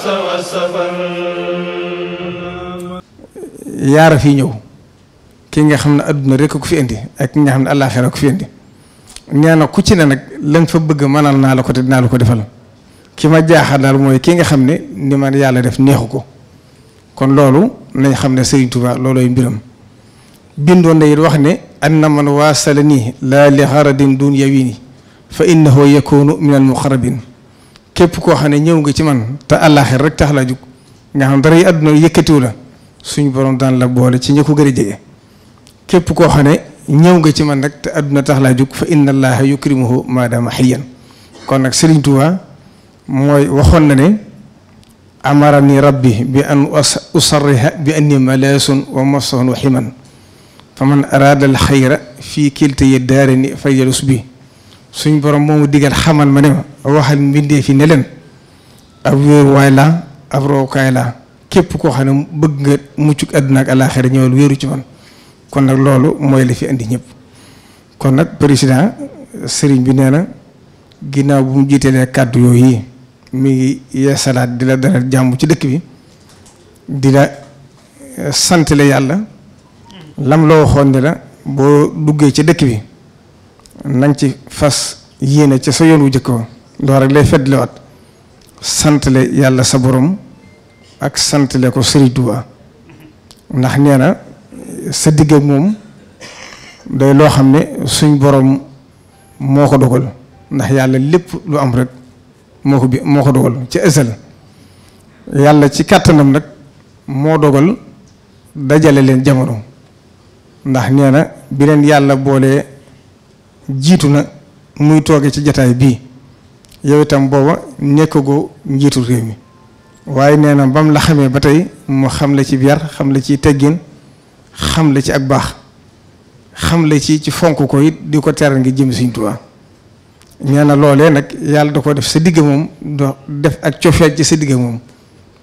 الحبس والسفر yaara fii ñëw ki nga xam ne adduna rek ko fi indi ak ki nga xam ne àllaaxira ko fi indi nee na ku ci ne nag lañ fa bëgg mënal naa la ko te dinaa ko defal ki ma jaaxal daal ki nga xam ni man yàlla def neexu kon loolu nañ xam Serigne Touba loolooy mbiram bindoon na wax ne anna man waasala nii li xaradin dun yawini fa innahu yakunu min al muqarrabin كيف كو خاني ne ñëw nga ci man te رك rek tax nga xam dara yi àdduna yëkkatiwu la suñu borom daan la boole ci ñeeku gëri jege képp ko xane ñëw nga ci man nak te aduna tax la juk fa inna allaha yukrimuhu ma maadaama hayyan kon nak Serigne Touba moy waxon na ne amarani rabbi bi an usarriha bi anni malasun wa masoon wa himan faman arada al khayra fi kilta yi daarani fajalus bi suñ borom moom digal xamal ma ne ma waxal mbindee fi ne leen ab wéeruwaay laa ab rookaay laa képp koo xam ne bëgg nga muccug àdduna ak àllaaxira ñëwal wéeru ci man kon nag loolu mooy la fi indi ñëpp kon nag président sëriñ bi nee na ginnaaw bu mu jiitelee kàddu yooyu yi mi ngi yeesalaat di la dalal jàmm ci dëkk bi di la eh, sant la yàlla lam la waxoon ne la boo duggee ci dëkk bi nañ ci fas yéene ca sa yoon wu jëkk wa loolu rek lay fetliwaat santale yàlla sa boroom ak santale ko Sëriñ Tuubaa ndax nee na sa digg moom day loo xam ne suñ boroom moo ko dogal ndax yàlla lépp lu am rek moo ko bi moo ko dogal ci ësal yàlla ci kàttanam nag moo dogal dajale leen jamono ndax nee bi leen yàlla boolee jiitu na muy tooge ci jataay bii yow itam booba ko njiitu réew mi waaye nee na bam la xamee ba tey mu xam la ci yar xam la ci teggin xam la ci ak baax xam la ci ci fonk ko it di ko teral ngi jëm Sëriñ Tuubaa nee na loolee nag yàlla da ko def sa digg moom do def ak cofeel ci sa digg moom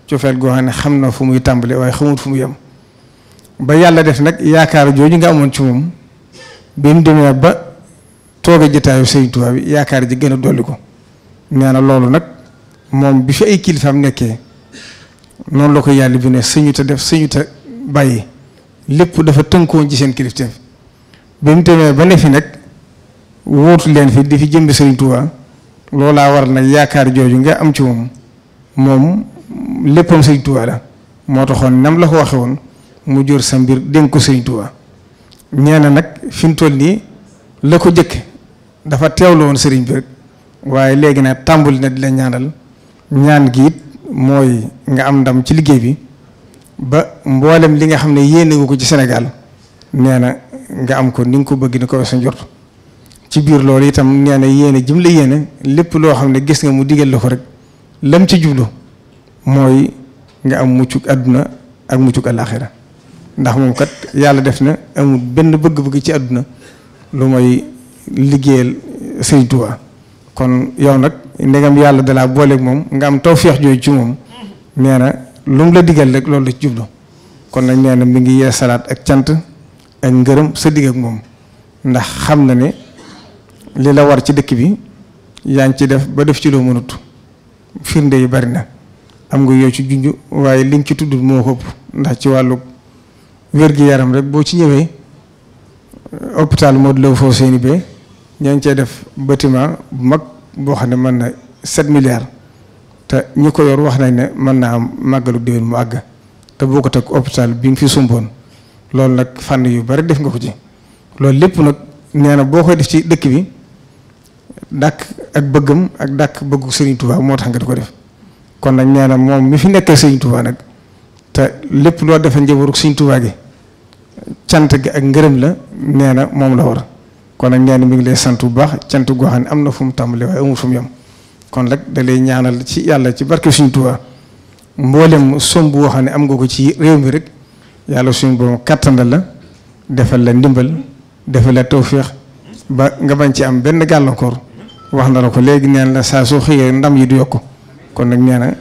cofeel goo xam ne xam na fu muy tàmbale waaye xamul fu mu yem ba yàlla def nag yaakaar jooju nga amoon ci moom bi mu demee ba tooge jotaayu Sëriñ Tuubaa yaakaar ji gën a dolli ko nee na loolu nag moom bi fi ay kilifaam nekkee noonu la ko yàlla bi ne suñu def sëñuta te bàyyi lépp dafa tënkoon ci seen kilifteef bi mu demee ba ne fi nag wóotu leen fi di fi jëmbi Sëriñ Tuubaa laa war nag yaakaar jooju nga am ci moom moom léppam Sëriñ Tuubaa la moo taxoon nam la ko waxe woon mu jor sa mbir dénk ko Sëriñ Tuubaa ñee nag fi mu nii la ko jëkke dafa teewlu woon sëriñ bi rek waaye léegi nag tàmbali na di la ñaanal ñaan gi mooy nga am ndam ci liggéey bi ba mboolem li nga xam ne yéene nga ko ci Sénégal nee na nga am ko ni nga ko bëgg ni ko sa njort ci biir loolu itam nee na yéene jëm la yéene lépp loo xam ne gis nga mu digal la ko rek lam ci jublu mooy nga am muccuk àdduna ak muccuk àllaaxira ndax moom kat yàlla def na amul benn bëgg-bëgg ci àdduna lu mooy liggéeyal sëñ Tuubaa kon yow nag ndegam yàlla dalaa booleeg moom nga am tawféex jooju ci moom nee na lu mu la digal rek loolu la ci jublu kon nag nee na mi ngi yee ak cant ak ngërëm sa digg ak moom ndax xam na ne li la war ci dëkk bi yaa ngi ci def ba def ci loo mënut firnde yi bari na am nga yow ci junj waaye li ci tudd moo ko ndax ci wàllu wér-gi-yaram rek boo ci ñëwee hôpital Modou Lo Fousseyni be ñoo ngi cee def batiment bu mag boo xam ne mën na set milliards te ñi ko yor wax nañ ne mën naa am màggalu déwén mu àgg te boo ko teg hôpital bi mu fi sumboon loolu nag fànn yu bari def nga ko ci loolu lépp nag nee na boo koy def ci dëkk bi dàkk ak bëggam ak dàkk bëggu Serigne moo tax nga di ko def kon nag nee na moom mi fi nekkee Serigne Touba nag te lépp loo defee njëbaru Serigne Touba gi cant gi ak ngërëm la nee na moom la war. kon nag ñaan mi ngi lay sant bu baax cant goo xam ne am na fu mu tàmbalee mu yem kon nag da ñaanal ci yàlla ci barke suñu Tuubaa mboolem somb boo xam ne am nga ko ci rek yàlla suñu borom kàttanal la defal la ndimbal defal la tawféex ba nga bañ ci am benn gàllankoor wax na la ko léegi neen la saa soo xëyee ndam yi du yokk kon nag nee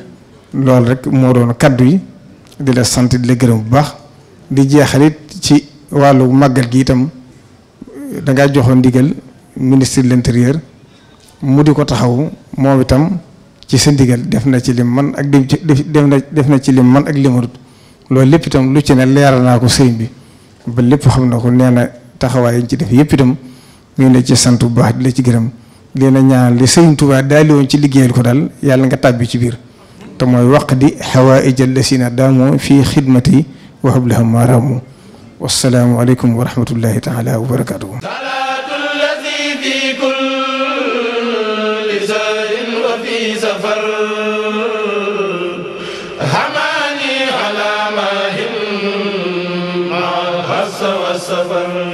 na rek moo doon kàddu yi di la sant di la gërëm bu baax di jeexalit ci wàllu màggal gi itam. da ngaa joxoon ndigal ministre de l'intérieur mu di ko taxaw moom itam ci sa ndigal def na ci lim man ak lim def na ci li man ak limarut loolu lépp itam lu ci ne leeral naa ko sëriñ bi ba lépp xam na ko nee na taxawaay yi ci def yëpp itam ñu ne ci sant bu baax di la ci gërëm di na ñaan li sëriñ Tuubaa daali woon ci liggéeyal ko dal yàlla nga tàbbi ci biir te mooy waq di xawaa ijal la si na daamoo fii xidmati waxab la xam maaraamu والسلام عليكم ورحمة الله تعالى وبركاته صلاة الذي في كل زار وفي سفر على ما هم مع والسفر